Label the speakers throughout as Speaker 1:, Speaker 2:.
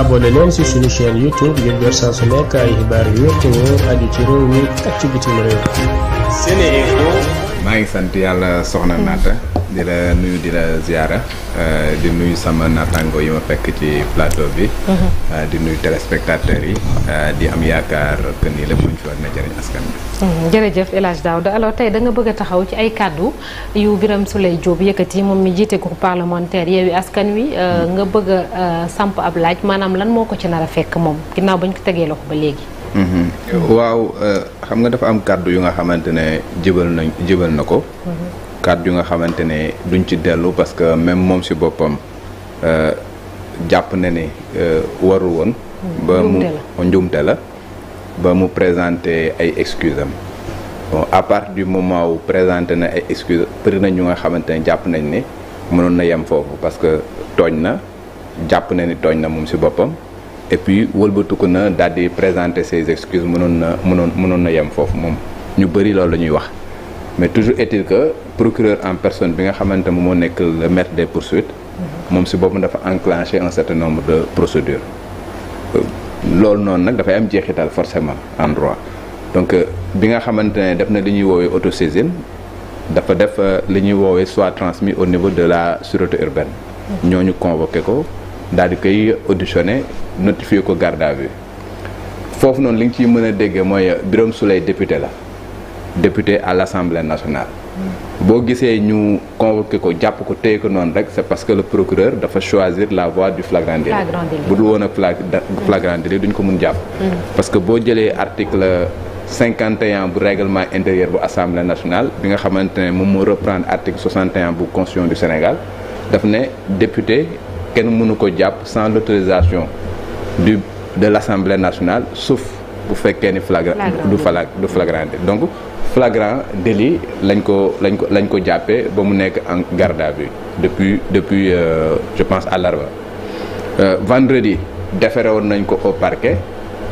Speaker 1: abonné leen ci suñu chaîne YouTube ngir jot saa su nekk ay xibaar yu wér te ci réew mi ak ci bitim réew. Sénéinfo. maa ngi sant yàlla soxna Naata. di la nuyu di la ziara euh, di nuyu sama naataango yi ma fekk ci plateau bi. Uh-huh. Euh, di nuyu téléspectateurs yi. Euh, di am yaakaar que ni lépp luñ fi war na jëriñ
Speaker 2: askan bi.
Speaker 3: Uh-huh. jërëjëf El Hadj Daouda alors tey da nga bëgg a taxaw ci ay kàddu yu Birame Souleye Diop yi moom mi jiite groupe parlementaire Yewwi Askan Wi hmm. nga bëgg a ab laaj maanaam lan moo ko ci nar a fekk moom ginnaaw bañ ko tegee loxo ba léegi.
Speaker 1: Hmm. waaw xam nga dafa am kàddu yu nga xamante ne jëbal nañ jëbal na ko. Hmm. kàddu yu nga xamante ne duñ ci dellu parce que même moom si boppam euh, jàpp na ne euh, warul woon.
Speaker 2: Hmm. ba mu
Speaker 1: njuumte la ba mu présenté ay excuses am bon à partir du moment où présenté na ay excuses bëri nañ ñu nga xamante ne jàpp nañ ne mënoon na yem foofu parce que tooñ na jàpp na ni tooñ na moom si boppam. et puis wëlbatuku na daal di présenter ses excuses mënoon na mënoon mënoon na yem foofu moom ñu bëri loolu la ñuy wax. mais toujours est-il que procureur en personne bi nga xamante ne moo nekk le maître des poursuites moom si boppam dafa enclenché un certain nombre de procédures euh, loolu noonu nag dafay am jeexital forcément en droit donc euh, bi nga xamante ne def na li ñuy woowee autosaisine dafa def euh, li ñuy woowee soit transmis au niveau de la sûreté urbaine ñu convoqué ko daal di koy auditionné notifié ko garde bi foofu noonu li nga ciy mën a déggee mooy Birame Souleye député la député à l'Assemblée nationale. boo gisee ñu convoqué ko jàpp ko téye ko noonu rek c'est parce que le procureur dafa choisir la voie du flagrant délit bu dul woon a flagrant duñ ko mun jàpp mm-hmm. parce que boo jëlee article 51 bu réglement intérieur bu assemblée nationale bi nga xamante ne moom moo reprendre article 61 bu constitution du Sénégal daf ne député kenn mënu ko jàpp sans l'autorisation du de l'assemblée nationale suuf bu fekkee ni flagrant du flag du flagrant donc flagrant délit lañ ko lañ ko lañ ko jàppee ba mu nekk en garde à vue depuis depuis euh, je pense àllarba euh, vendredi defere woon nañ ko au parquet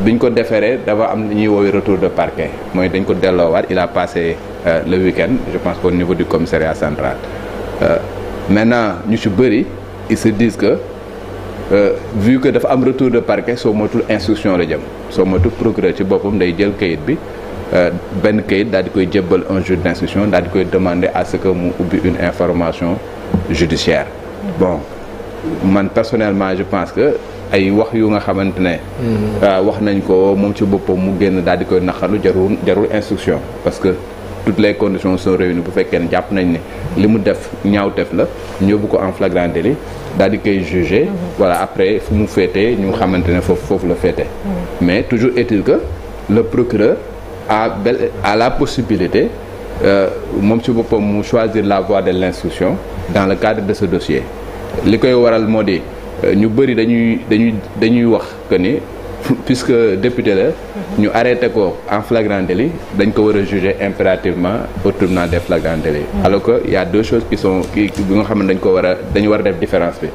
Speaker 1: biñ ko deferee dafa am lu ñuy woowee retour de parquet mooy dañ ko delloo waat il a passé euh, le week je pense au niveau du commissariat central euh, maintenant ñu ci bëri ils se disent Euh, vu que dafa am retour de parquet soo motul instruction la jëm soo motul procureur ci boppam day jël kayit bi euh, benn kayit daal di koy jébbal un juge d'instruction daal di koy demander à ce que mu ubbi une information judiciaire bon man personnellement je pense que ay wax yu nga xamante ne hmm. euh, wax nañ ko moom ci boppam mu génn daal di koy naqalu jarul jarul instruction parce que toutes les conditions sont réunies bu fekkee jàpp nañ ne li mu def ñaawteef la ñu yóbbu ko en flagrant délit daal di koy jugé. Mm-hmm. voilà après fu mu féetee ñu xamante ne foofu foofu la féetee. Mm-hmm. mais toujours est-il que le procureur a bel à la possibilité euh, moom ci boppam mu choisir la voie de l'instruction dans le cadre de ce dossier. li koy waral moo di euh, ñu bëri dañuy dañuy dañuy wax que ni puisque député la. ñu arrêté ko en flagrant délit dañ ko war a juger impérativement au tribunal des flagrants délits mm. alors que y a deux choses qui sont qui bi nga xam ne dañ ko war dañu a def différence bi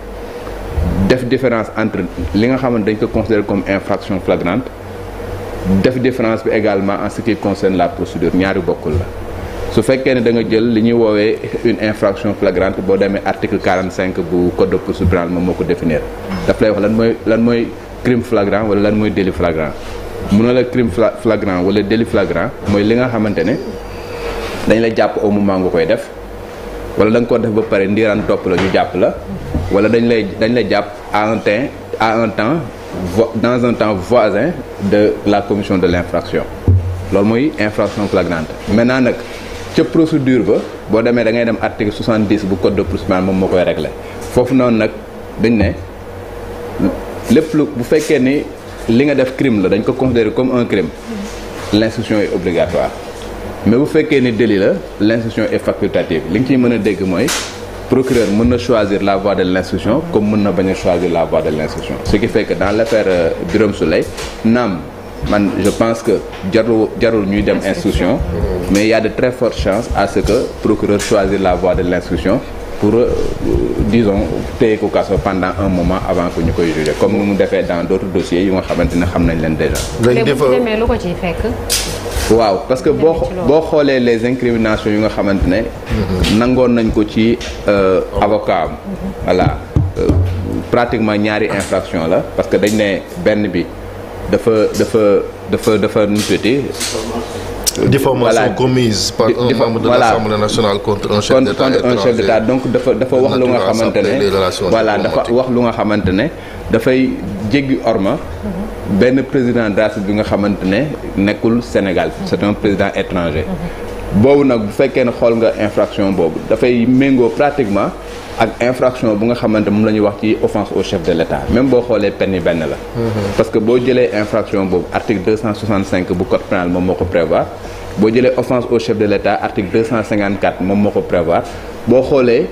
Speaker 1: def différence entre li nga xamoon dañ ko considérer comme infraction flagrante def différence bi également en ce qui concerne la procédure ñaari bokkul la su fekkee ne da nga jël li ñuy woowee une infraction flagrante boo demee article 45 bu code de procédure moom moo ko définir mm. daf lay lan mooy lan mooy wala lan mooy délit flagrant mu ne la crime flagrant wala délit flagrant mooy li nga xamante ne dañ la jàpp au moment nga koy def wala da nga ko def ba pare ndiiraan topp la ñu jàpp la wala dañ lay dañ la jàpp à un temps à un temps dans un temps voisin de la commission de l'infraction loolu mooy infraction flagrante maintenant nag ca procédure ba boo demee da ngay dem article 70 bu code de procédure pénale moom moo koy régler foofu noonu nag dañ ne lépp lu bu fekkee ni li nga def crime la dañ ko considérer comme un crime l'instruction est obligatoire mais bu fekkee ni délit la l'instruction est facultative li nga ciy mën a dégg mooy procureur mën na choisir la voie de l'instruction comme mën na bañ a choisir la voie de l'instruction ce qui fait que dans l'affaire euh, Birame Souleye naam man je pense que jarul jarul ñuy dem instruction mais il a de très fortes chances à ce que procureur choisir la voie de l'instruction pour euh, dison téye ko kaso pendant un moment avant ku ñu koy jugé comme ni mu defee dans d' autres dossiers yu nga xamante ne xam nañ leen déjà. léegi bu euh, demee
Speaker 3: lu ko ciy fekk.
Speaker 1: waaw parce que boo boo xoolee les incriminations yu nga xamante ne. nangoon nañ ko ci euh, avocat am. Mhm. pratiquement ñaari infraction la parce que dañ ne benn bi dafa dafa dafa dafa nu Euh, diffamation voilà. commise par un membre de l'Assemblée nationale contre un chef d'État contre donc dafa dafa wax lu nga xamante ne voilà dafa wax lu nga xamante ne dafay jéggi orma
Speaker 2: mhm.
Speaker 1: benn président d'Afrique bi nga xamante ne nekkul Sénégal c'est un président étranger boobu nag bu fekkee ne xool nga infraction boobu dafay méngoo pratiquement ak infraction bu nga xamante moom la ñuy wax ci offense au chef de l' état boo xoolee peine yi benn la. Mhm. parce que boo jëlee infraction boobu article 265 bu code pénal moom moo ko prévoir. boo jëlee offense au chef de l' état article 254 moom moo ko prévoir boo xoolee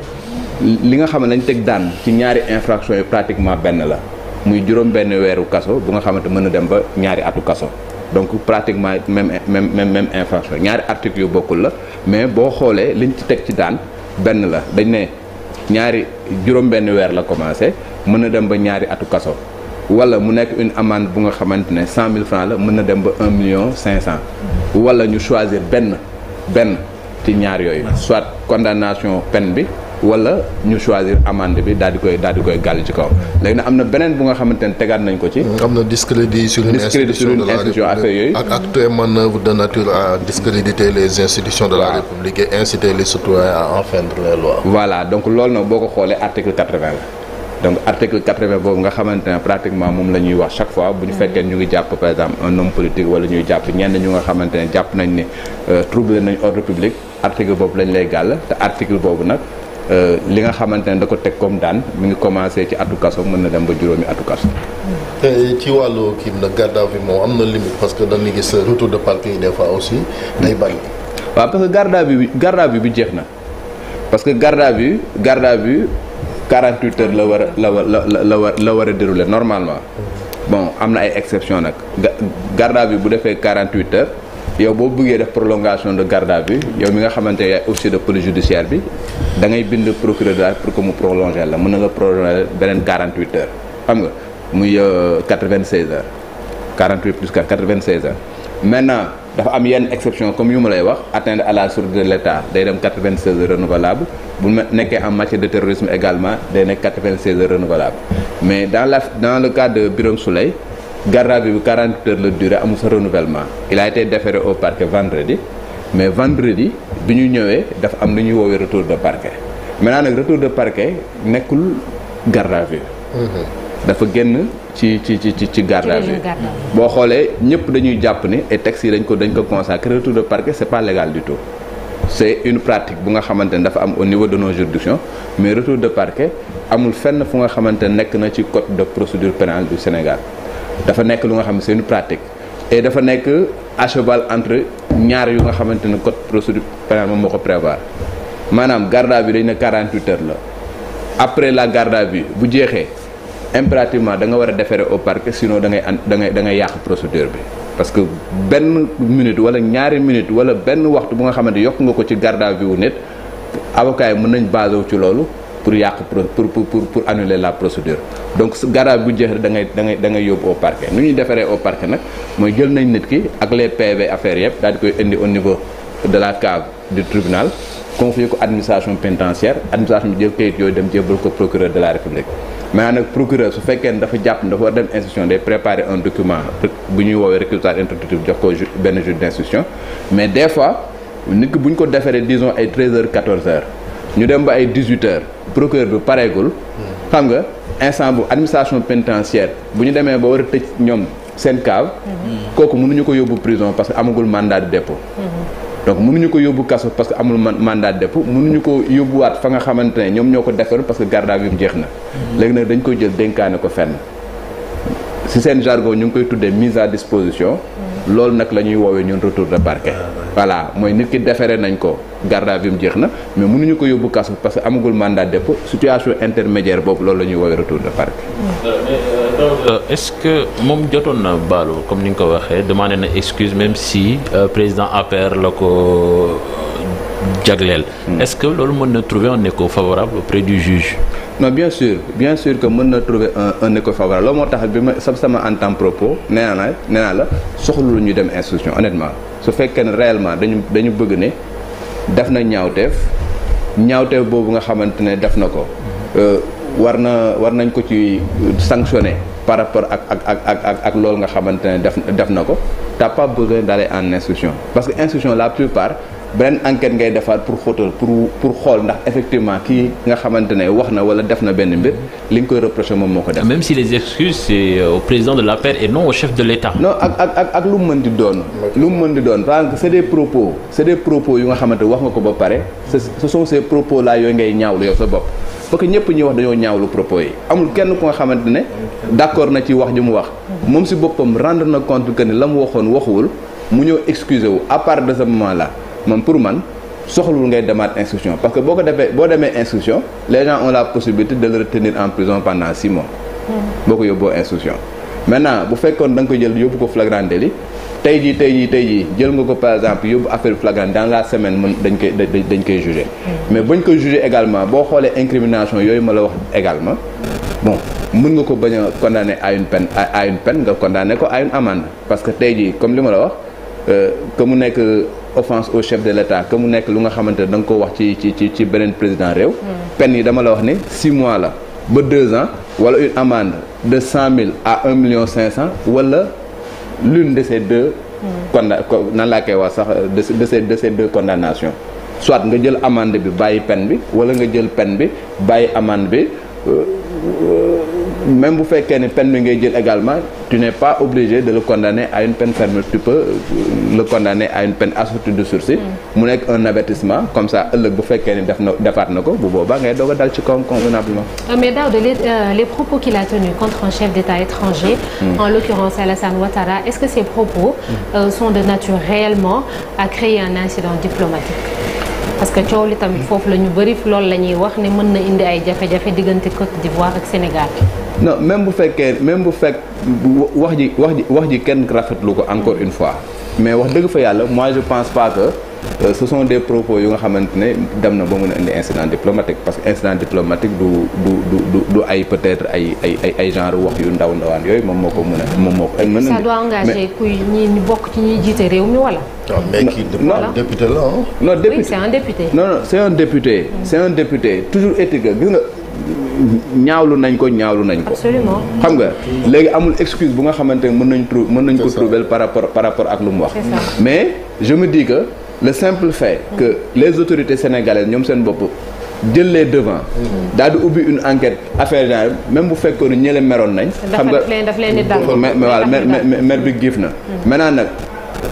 Speaker 1: li nga xam ne teg daan ci ñaari infraction yi pratiquement benn la muy juróom benn weeru kaso bu nga xamante mën na dem ba ñaari atu donc pratiquement même même même même infraction ñaari articles yu bokkul la mais boo xoolee liñ ci teg ci daan benn la dañ ne ñaari juróom-benn weer la commencé mën na dem ba ñaari atu kaso wala mu nekk une amande bu nga xamante ne cent mille francs la mën na dem ba un million cinq cent wala ñu choisir benn benn ci ñaar yooyu soit condamnation peine bi wala ñu choisir amande bi daal di koy daal di koy gàll ci kaw léegi nag am na beneen bu nga xamante ne
Speaker 4: tegaat nañ ko ci. am na discrédit sur une institution affaire yooyu. ak acte et manœuvre de nature discréditer les institutions de la République et inciter donc
Speaker 1: loolu nag boo ko xoolee article 80 la. donc article 80 boobu nga xamante ne pratiquement moom la ñuy wax chaque fois bu ñu mm-hmm. fekkee ñu ngi jàpp par exemple un homme politique wala ñuy jàpp ñenn ñu nga xamante ne jàpp nañ ne euh, trouble nañ ordre public article boobu lañ lay gàll te boobu nag Euh, li nga xamante ne da ko teg comme daan mu ngi commencé ci atu kaso mën na dem ba juróomi atu kaso.
Speaker 4: ci wàllu kii nag garde à vue moom am na limite parce que dañuy gis retour de parquet yi des fois aussi day bari. waaw parce que garde à vue bi garde à vue bi jeex na parce que garde à
Speaker 1: vue garde à vue la war a la war la la war la war a dérouler normalement mhm. bon am na ay exception nag garde à bu defee 48 heures. yow boo bëggee def prolongation de garde à yow mi nga xamante ne yaay officier de police judiciaire bi da ngay bind procureur de la pour que mu prolonger la mën na la prolonger beneen 48 heures xam nga muy 96 euh, heures 48 plus 4 96 heures maintenant dafa am yenn exception comme yi ma lay wax atteinte à la sûreté de l'État day dem 96 heures renouvelable bu nekkee en matière de terrorisme également day nekk 96 heures renouvelable mais dans garde bi 48 heures la durée amul sa renouvellement il a été déféré au parquet vendredi mais vendredi bi ñu ñëwee dafa am lu ñuy woowee retour de parquet maintenant nag retour de parquet nekkul garde à
Speaker 2: mhm.
Speaker 1: dafa génn ci ci ci ci garde à vue boo xoolee ñëpp dañuy jàpp ni et textes yi dañ ko dañ ko consacré retour de parquet c'est pas légal du tout c'est une pratique bu nga xamante ne dafa am au niveau de nos juridictions mais retour de parquet amul fenn fu nga xamante nekk na ci code de procédure pénale du Sénégal dafa nekk lu nga xam ne pratique et dafa nekk à cheval entre ñaar yu nga xamante ne code procédure pénale moom moo ko prévoir maanaam garde bi vue dañ ne 48 heures la après la garde bi bu jeexee impérativement da nga war a defaree au parquet sinon da ngay an da ngay da ngay yàq procédure bi parce que benn minute wala ñaari minute wala benn waxtu bu nga xamante yokk nga ko ci garde à wu nit avocat yi mën nañ basé ci loolu pour yàq pour pour pour annuler la procédure donc su garage bu jeex da ngay da yóbbu au parquet nu ñuy defaree au parquet nag mooy jël nañ nit ki ak les PV affaires yëpp daal di koy indi au niveau de la cave du tribunal confier ko administration pénitentiaire administration bi jël kayit dem jébbal de la république maintenant nag procureur su fekkee ne dafa jàpp ne dafa war dem institution day préparer un document bu ñuy woowee réquisitoire introductif jox ko benn juge d'instruction mais des nit ki bu ñu ko defaree disons ay 13 heures ñu dem ba ay 18 heures procureur bi pareegul. xam nga instant bu administration pénitentiaire bu ñu demee ba war a tëj ñoom seen cave. kooku mënuñu ko yóbbu prison parce que amagul mandat de dépôt. donc mënuñu ko yóbbu kaso parce que amul mandat de dépôt mënuñu ko yóbbuwaat fa nga xamante ne ñoom ñoo ko defaroon parce que garde à vue bi jeex na. léegi nag dañ koy jël dénkaane ko fenn. si seen jargon ñu ngi koy tuddee mise à disposition. loolu nag la ñuy woowee ñun retour de parquet voilà mooy nit ki defaree nañ ko garde à vue jeex na mais munuñu ko yóbbu kaso parce que amagul mandat dépôt situation intermédiaire boobu loolu la ñuy woowee retour de parquet.
Speaker 2: Euh,
Speaker 1: est-ce que moom jotoon na baalu comme ni nga ko waxee demande na excuse même si euh, président APR la ko. jagleel. Hmm. est-ce que loolu mën na trouver un écho favorable auprès du juge. non bien bien sûr que mën na trouver un un écho favorable loolu moo tax bi ma sama en temps propos nee naa la nee lu ñu dem instruction honnêtement su fekkee ne réellement dañu dañu bëgg ne def na ñaawteef ñaawteef boobu nga xamante ne def na ko. Hmm. Euh, war na war nañ ko ci sanctionner par rapport ak ak ak ak ak ak loolu nga xamante ne def def na ko t'as pas besoin d'aller en instruction parce que instruction la plupart beneen enquête ngay defaat pour xóotal pour pour xool ndax effectivement kii nga xamante ne wax na wala def na benn mbir li nga koy reprocher moom moo ko def. même si les excuses c'est euh, au président de l'APR et non au chef de l'État. non ak ak ak lu mu mën di doon. lu mu mën di doon parce que c'est des propos c'est des propos yu nga xamante wax nga ko ba pare ce sont ces propos là yooyu ngay ñaawlu yow sa bopp. parce que ñëpp ñuy wax dañoo ñaawlu propos yi amul kenn ku nga xamante ne d'accord na ci wax ji mu wax moom si boppam rendre na compte que ni la mu waxoon waxuwul mu ñëw excuser wu à part de ce moment là. man pour man soxlul ngay demaat instruction parce que boo ko defee boo demee instruction les gens ont la possibilité de le retenir en prison pendant six mois. Hmm. boo ko yóbboo instruction. maintenant bu fekkoon da nga ko jël yóbbu ko flagrant délit tey jii tey jii tey jii jël nga ko par exemple yóbbu affaire flagrant dans la semaine mën dañ koy dañ koy jugé. Hmm. mais bañ koy jugé également boo xoolee incrimination yooyu ma la wax également bon. mën nga ko bañ a condamné à une peine à une peine nga que tey jii comme li ma la euh, offense au chef de l'État que mu nekk lu nga xamante ne da nga ko wax ci ci ci ci beneen président réew hmm. peine yi dama la wax ne six mois la ba deux ans wala une amende de cent mille à un million cinq cent wala l'une de ces deux hmm. nan laa koy wax sax de ces de ces soit nga jël amande bi bàyyi pen bi wala nga jël peine bi bàyyi amende bi euh, même bu fekkee ne peine bi ngay jël également tu n'es pas obligé de le condamner à une peine ferme tu peux euh, le condamner à une peine assortie de sursis mm. mu nekk un avertissement comme ça ëllëg bu fekkee ne def na defaat na ko bu booba ngay doog a dal ci kawam convenablement
Speaker 3: euh, mais Daouda euh, les propos qu'il a tenus contre un chef d'État étranger mm. est-ce que ces propos mm. sont de nature réellement à créer un incident diplomatique parce que coow li tamit foofu la ñu bëri loolu la ñuy wax ne mën na indi ay jafe-jafe diggante Côte d'Ivoire ak Sénégal.
Speaker 1: non même bu fekkee même bu fekk wax ji wax ji wax ji kenn rafetlu ko encore une fois mais wax dëgg fa yàlla mois je pense pas Euh, ce sont des propos yu nga xamante ne dem na ba mun a indi incident diplomatique parce que incident diplomatique du ay peut-être ay ay ay ay genre wax yu ndaw ndawaan yooyu moom moo ko mën a moom moo ko mën a ça doit engager
Speaker 3: kuy ñi bokk ci ñuy jiite réew mi wala
Speaker 1: ah, non député la non député oui c'est un toujours éthique gis nga ñaawlu nañ ko ñaawlu nañ ko. absolument xam nga léegi amul excuse bu nga xamante ne mën nañ trou mën nañ ko trouver par rapport par rapport ak lu mu wax mais je me le simple fait que les autorités sénégalaises ñoom seen bopp jël les devant daal ubbi une enquête affaire genre même bu fekkoon ne meroon nañ xam nga waaw mer bi giif na hmm. maintenant nag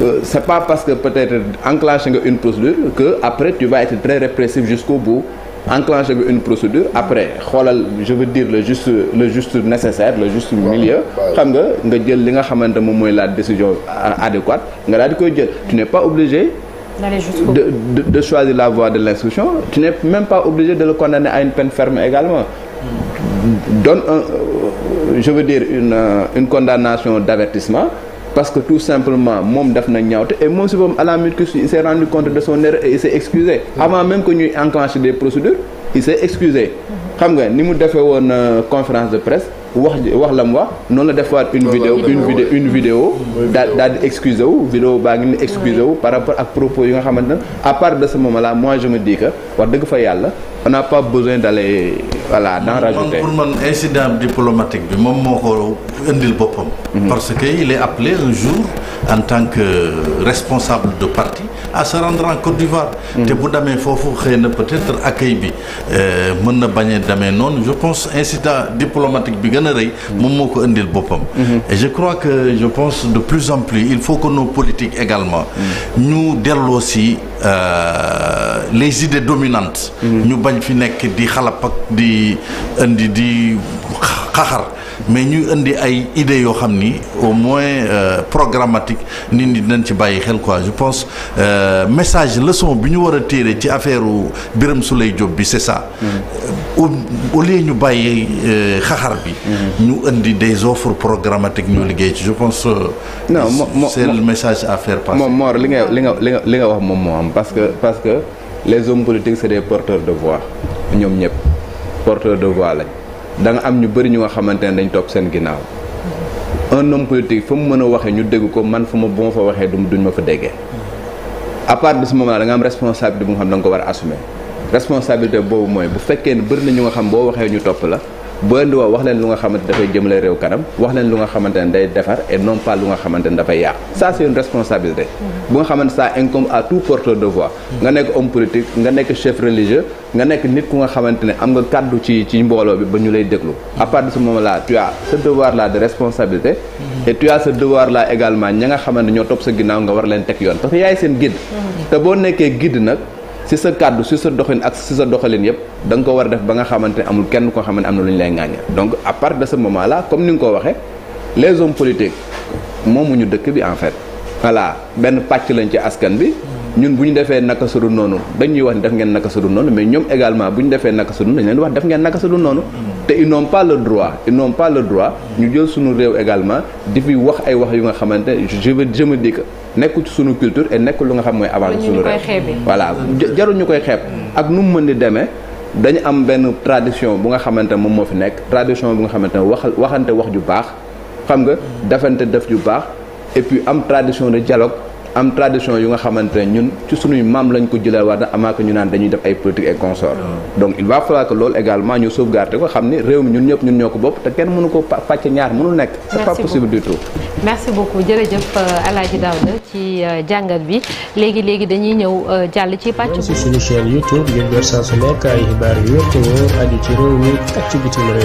Speaker 1: euh, c'est pas parce que peut-être enclenché nga une procédure que après tu vas être très répressif jusqu'au bout enclenché nga une procédure après xoolal je veux dire le juste le nécessaire le juste milieu xam nga nga jël li nga xamante moom mooy la décision euh, adéquate nga daal di koy jël tu n'es
Speaker 3: de,
Speaker 1: de, de choisir la voie de l'instruction, tu n'es même pas obligé de le condamner à une peine ferme également. Donne, un, euh, je veux dire, une, euh, une condamnation d'avertissement parce que tout simplement moom def na ñaawte et moom si moom à la minute il s'est rendu compte de son erreur et il s'est excusé avant même que ñuy enclencher des procédures il s'est excusé mm-hmm. xam nga ni mu defee woon euh, conférence de presse wax wax la mu wax noonu la defaat une vidéo une vidéo une vidéo daal daal di excusé wu vidéo baa ngi ni excusé wu par rapport ak propos yi nga xamante ne à part de ce a là moi je me dis que dëgg fa yàlla on n'a pas besoin
Speaker 4: d'aller voilà d'en rajouter. bi moom moo ko indil boppam. Mhm. parce que il est appelé un jour en tant que responsable de parti à se rendre en Côte d'Ivoire. Mhm. te bu damee foofu xëy na peut-être accueil bi euh, mën na bañ a demee noonu je pense incident diplomatique bi gën a rëy. Mhm. moom moo ko indil boppam. je crois que je pense de plus en plus il faut que nos politiques également. ñu delloo si euh, les idées dominantes. bañ fi nekk di xalap ak di indi di xaxar mais ñuy indi ay idées yoo xam ni au moins euh, programmatique nit ñi dinañ ci bàyyi xel quoi je pense euh, message leçon bi ñu war a téere ci affaire Birame Souleye Diop bi c'est ça. Mm-hmm. au lieu ñu bàyyi euh, xaxar bi. Mm-hmm. ñu indi des offres programmatiques ñu liggéey ci je pense. non c'est le message moom
Speaker 1: moom parce que parce que. les hommes politiques c'est des porteurs de voix ñoom ñëpp porteur de voix lañ danga am ñu bëri ñu nga xamante ne dañ topp seen ginnaaw un homme politique fa mu mën a waxee ñu dégg ko man fu ma bu ma fa waxee du duñu ma fa déggee à part de ce moment am responsabilité bu nga xam da nga ko war a assumer responsabilité boobu mooy bu fekkee ne bëri na ñu nga xam boo waxee ñu topp la bu indi woo wax leen lu nga xamante dafay jëmale réew kanam wax lu nga xamante ne day defar et non pas lu nga xamante ne dafay yàq ça c'est une responsabilité bu nga xamante ça incombe à tout porteur de voix nga nekk homme politique nga nekk chef religieux nga nekk nit ku nga xamante ne am nga kàddu ci ci mbooloo bi ba ñu lay déglu à partir de ce moment là tu as ce devoir là de responsabilité et tu devoir là également ña nga xamante ñoo topp sa ginnaaw nga war leen teg yoon parce que yaay seen guide te boo nekkee guide si sa kàddu si sa doxin ak si sa doxalin yëpp da ko war a def ba nga xamante ne amul kenn koo xam ne am na lu ñu leen ŋaaña donc à partir de ce moment là comme ni nga ko waxee les hommes politiques moomuñu dëkk bi en fait voilà benn pàcc lañ ci askan bi ñun bu ñu defee naka su dul noonu dañuy wax ni def ngeen naka sa dul noonu mais ñoom également bu ñu defee naka su dul dañ leen wax def ngeen naka su dul noonu te ils n'ont pas droit ils ñu jël suñu réew également di fi wax ay wax yu nga xamante je veux je me dis nekkul ci sunu culture et nekkul lu nga xam mooy avant sunu réew voilà jarul ñu koy xeeb ak nu mu mën di demee dañu am benn tradition bu nga xamante moom moo fi nekk tradition bu nga xamante wax waxante wax ju baax xam nga defante def ju baax et puis am tradition de dialogue am tradition yu nga xamante ne ñun ci sunuy maam lañ ko jëlewaat na amaa ko ñu naan dañuy def ay politique et consort ah. donc il va falloir que également ñu sauvegarder ko xam ni réew mi ñun ñëpp ñun ñoo ko bopp te kenn mënu ko pàcc ñaar mënul nekk c'est pas possible du tout
Speaker 3: merci beaucoup jërëjëf euh, Alaaji Daouda ci euh, jàngat bi léegi léegi dañuy ñëw euh, jàll ci pàcc si
Speaker 1: suñu chaîne YouTube ngeen door saa su nekk ay yu wér te wóor aju ci réew mi ak ci bitim